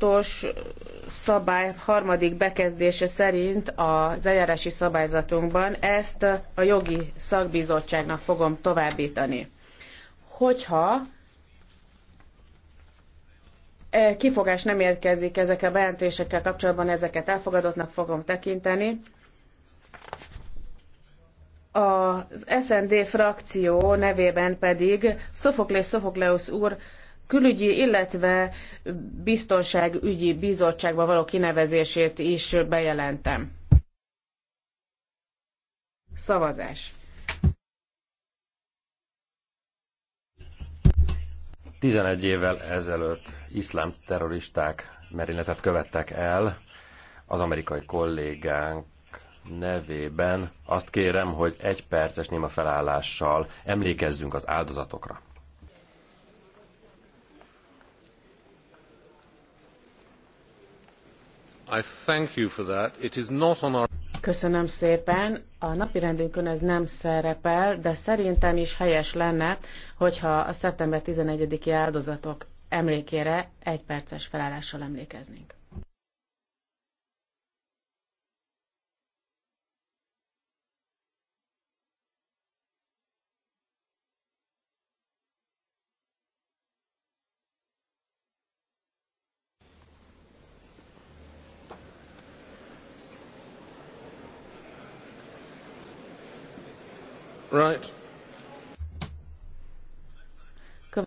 hatos szabály harmadik bekezdése szerint az eljárási szabályzatunkban ezt a jogi szakbizottságnak fogom továbbítani. Hogyha e, kifogás nem érkezik ezekkel a bejelentésekkel kapcsolatban, ezeket elfogadottnak fogom tekinteni. Az SND frakció nevében pedig Szofoklész Szofokleusz úr külügyi, illetve biztonságügyi bizottságba való kinevezését is bejelentem. Szavazás. Tizenegy évvel ezelőtt iszlám terroristák merényletet követtek el. Az amerikai kollégánk nevében azt kérem, hogy egy perces néma felállással emlékezzünk az áldozatokra. Köszönöm szépen. A napirendünkön ez nem szerepel, de szerintem is helyes lenne, hogyha a szeptember 11-i áldozatok emlékére egy perces felállással emlékeznénk. Right.